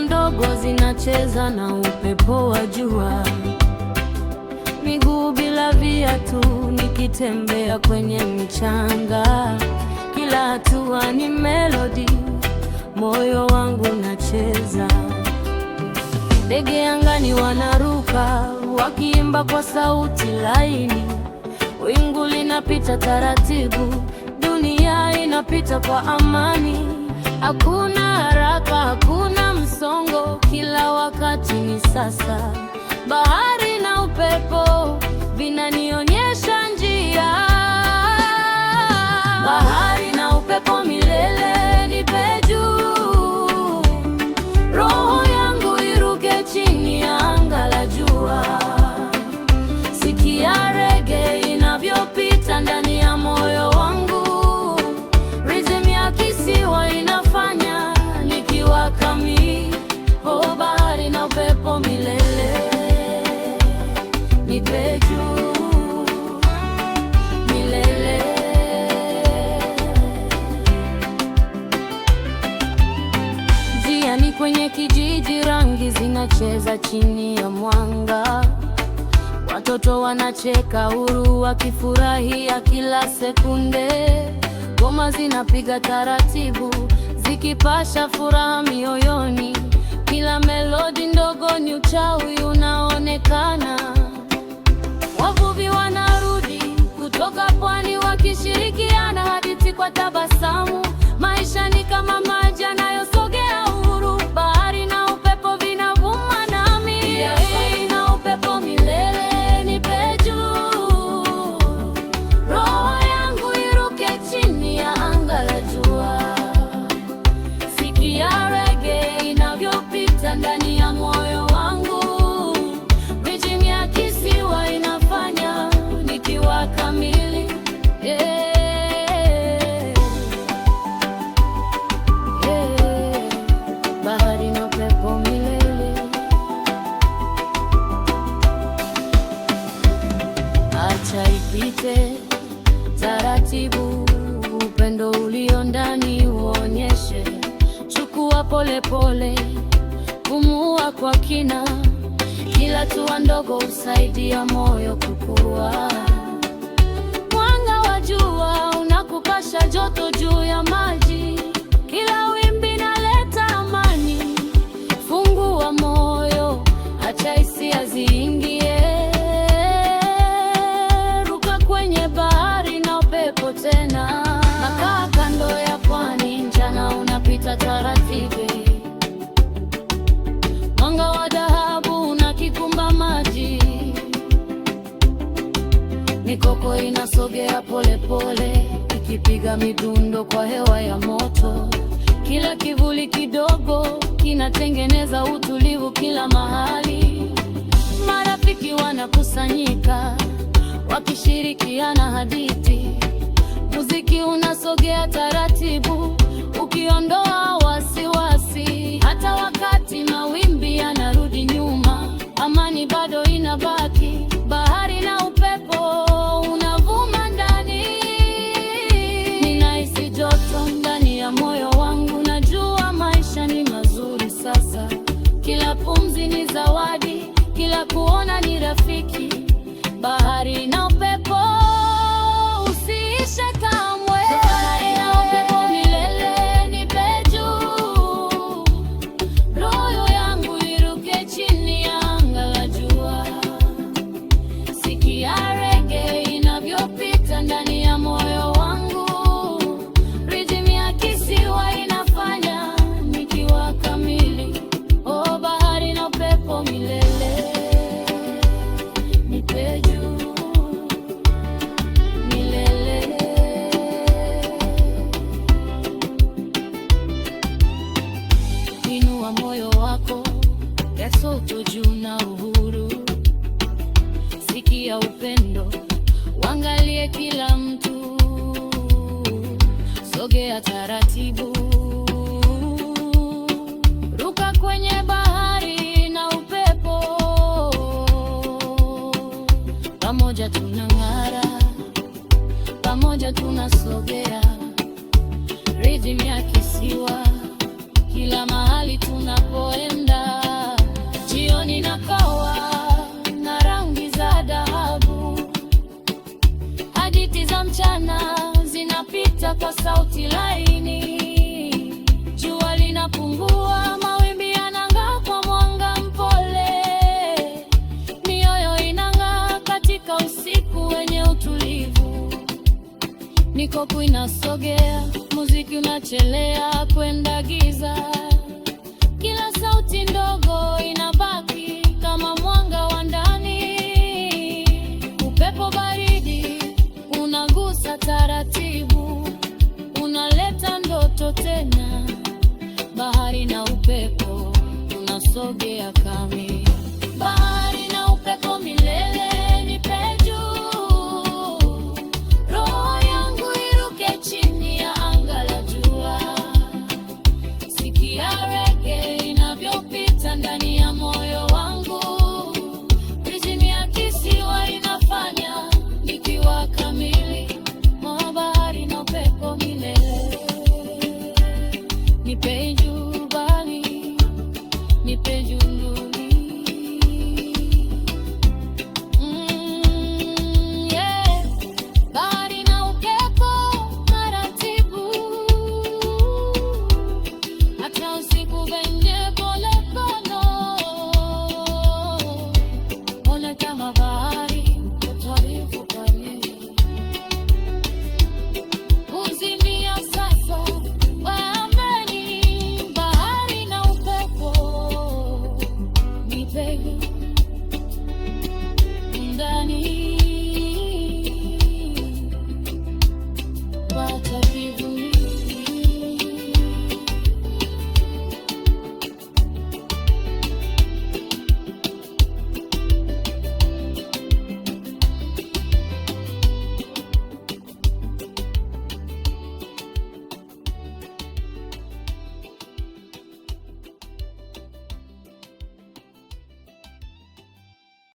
ndogo zinacheza na upepo wa jua, miguu bila viatu, nikitembea kwenye mchanga. Kila hatua ni melodi, moyo wangu nacheza. Ndege angani wanaruka, wakiimba kwa sauti laini, wingu linapita taratibu, dunia inapita kwa amani, hakuna haraka. casa. kwenye kijiji, rangi zinacheza chini ya mwanga, watoto wanacheka huru, wakifurahia kila sekunde. Ngoma zinapiga taratibu, zikipasha furaha mioyoni. Kila melodi ndogo ni uchawi unaonekana. Wavuvi wanarudi kutoka pwani, wakishirikiana hadithi kwa tabasamu. Maisha ni kama nionyeshe, Chukua polepole, pumua kwa kina. Kila hatua ndogo usaidia moyo kukua. Mwanga wa jua unakupasha joto juu ya Napiga midundo kwa hewa ya moto, kila kivuli kidogo kinatengeneza utulivu kila mahali. Marafiki wanakusanyika wakishirikiana hadithi, muziki unasogea taratibu bila kuona ni rafiki, bahari na upepo tembea taratibu, ruka kwenye bahari na upepo, pamoja tunang'ara, pamoja tunasogea, rhythm ya kisiwa kila mahali tunapoenda, jioni na kawa na rangi za dhahabu, hadithi za mchana Naita kwa sauti laini, jua linapungua, mawimbi yanang'aa kwa mwanga mpole, mioyo inang'aa katika usiku wenye utulivu. Mikopo inasogea, muziki unachelea kwenda giza, kila sauti ndogo inabaki Yeah.